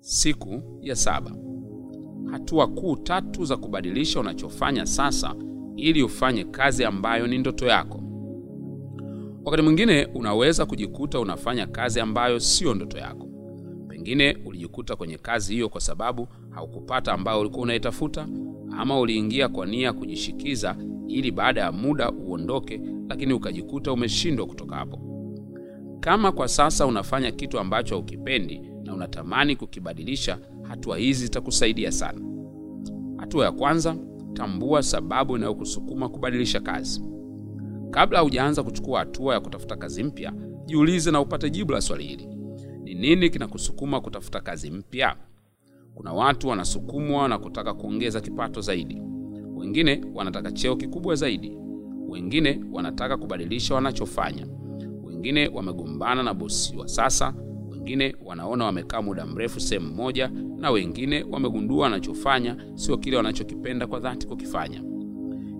Siku ya saba. Hatua kuu tatu za kubadilisha unachofanya sasa ili ufanye kazi ambayo ni ndoto yako. Wakati mwingine unaweza kujikuta unafanya kazi ambayo siyo ndoto yako. Pengine ulijikuta kwenye kazi hiyo kwa sababu haukupata ambayo ulikuwa unaitafuta, ama uliingia kwa nia kujishikiza ili baada ya muda uondoke, lakini ukajikuta umeshindwa kutoka hapo. Kama kwa sasa unafanya kitu ambacho haukipendi na unatamani kukibadilisha, hatua hizi zitakusaidia sana. Hatua ya kwanza, tambua sababu inayokusukuma kubadilisha kazi. Kabla hujaanza kuchukua hatua ya kutafuta kazi mpya, jiulize na upate jibu la swali hili: ni nini kinakusukuma kutafuta kazi mpya? Kuna watu wanasukumwa na kutaka kuongeza kipato zaidi, wengine wanataka cheo kikubwa zaidi, wengine wanataka kubadilisha wanachofanya wengine wamegombana na bosi wa sasa, wengine wanaona wamekaa muda mrefu sehemu moja, na wengine wamegundua wanachofanya sio kile wanachokipenda kwa dhati kukifanya.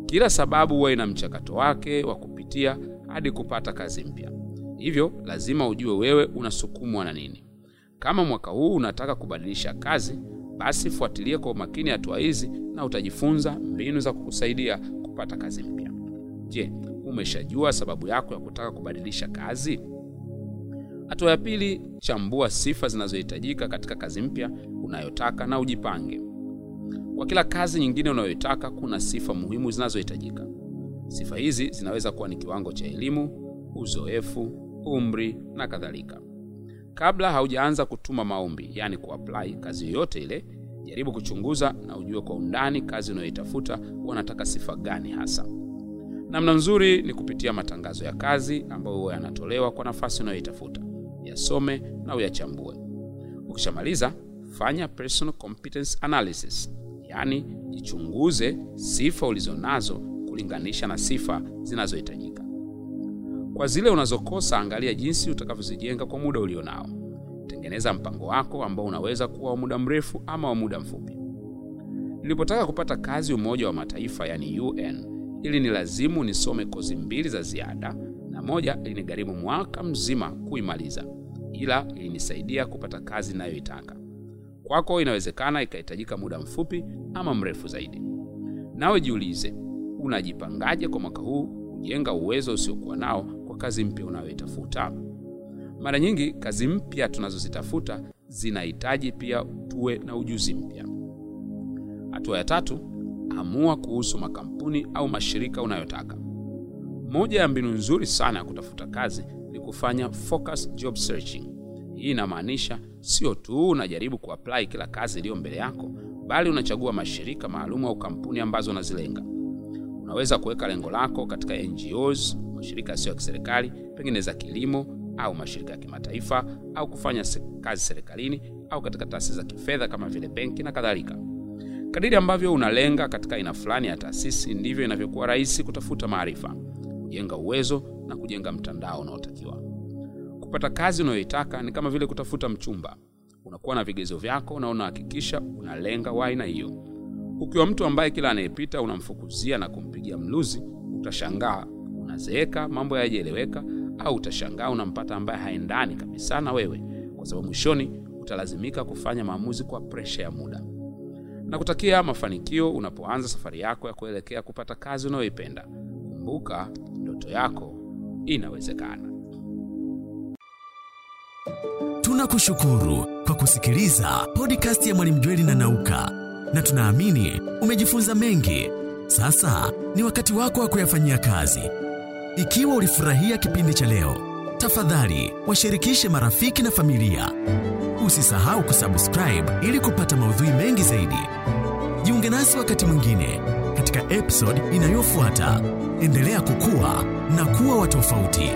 Kila sababu huwa ina mchakato wake wa kupitia hadi kupata kazi mpya, hivyo lazima ujue wewe unasukumwa na nini. Kama mwaka huu unataka kubadilisha kazi, basi fuatilia kwa umakini hatua hizi na utajifunza mbinu za kukusaidia kupata kazi mpya. Je, umeshajua sababu yako ya kutaka kubadilisha kazi? Hatua ya pili, chambua sifa zinazohitajika katika kazi mpya unayotaka na ujipange. Kwa kila kazi nyingine unayoitaka kuna sifa muhimu zinazohitajika. Sifa hizi zinaweza kuwa ni kiwango cha elimu, uzoefu, umri na kadhalika. Kabla haujaanza kutuma maombi, yaani kuapply kazi yoyote ile, jaribu kuchunguza na ujue kwa undani kazi unayoitafuta wanataka sifa gani hasa. Namna nzuri ni kupitia matangazo ya kazi ambayo huwa yanatolewa kwa nafasi unayoitafuta. Yasome na uyachambue. Ukishamaliza, fanya personal competence analysis, yaani jichunguze sifa ulizonazo kulinganisha na sifa zinazohitajika. Kwa zile unazokosa, angalia jinsi utakavyozijenga kwa muda ulionao. Tengeneza mpango wako ambao unaweza kuwa wa muda mrefu ama wa muda mfupi. Nilipotaka kupata kazi Umoja wa Mataifa, yani UN, ili ni lazimu nisome kozi mbili za ziada, na moja ilinigharimu mwaka mzima kuimaliza, ila ilinisaidia kupata kazi inayoitaka. Kwako inawezekana ikahitajika muda mfupi ama mrefu zaidi. Nawe jiulize, unajipangaje kwa mwaka huu kujenga uwezo usiokuwa nao kwa kazi mpya unayoitafuta? Mara nyingi kazi mpya tunazozitafuta zinahitaji pia tuwe na ujuzi mpya. Hatua ya tatu amua kuhusu makampuni au mashirika unayotaka. Moja ya mbinu nzuri sana ya kutafuta kazi ni kufanya focus job searching. Hii inamaanisha sio tu unajaribu kuapply kila kazi iliyo mbele yako, bali unachagua mashirika maalum au kampuni ambazo unazilenga. Unaweza kuweka lengo lako katika NGOs, mashirika yasiyo ya kiserikali, pengine za kilimo au mashirika ya kimataifa, au kufanya kazi serikalini au katika taasisi za kifedha kama vile benki na kadhalika. Kadiri ambavyo unalenga katika aina fulani ya taasisi, ndivyo inavyokuwa rahisi kutafuta maarifa, kujenga uwezo na kujenga mtandao unaotakiwa. Kupata kazi unayoitaka ni kama vile kutafuta mchumba. Unakuwa na vigezo vyako na unahakikisha unalenga wa aina hiyo. Ukiwa mtu ambaye kila anayepita unamfukuzia na kumpigia mluzi, utashangaa unazeeka, mambo yajaeleweka, au utashangaa unampata ambaye haendani kabisa na wewe, kwa sababu mwishoni utalazimika kufanya maamuzi kwa presha ya muda na kutakia mafanikio unapoanza safari yako ya kuelekea kupata kazi unayoipenda. Kumbuka, ndoto yako inawezekana. Tunakushukuru kwa kusikiliza podcast ya Mwalimu Jweli na Nauka, na tunaamini umejifunza mengi. Sasa ni wakati wako wa kuyafanyia kazi. Ikiwa ulifurahia kipindi cha leo Tafadhali washirikishe marafiki na familia. Usisahau kusubscribe ili kupata maudhui mengi zaidi. Jiunge nasi wakati mwingine katika episode inayofuata. Endelea kukua na kuwa wa tofauti.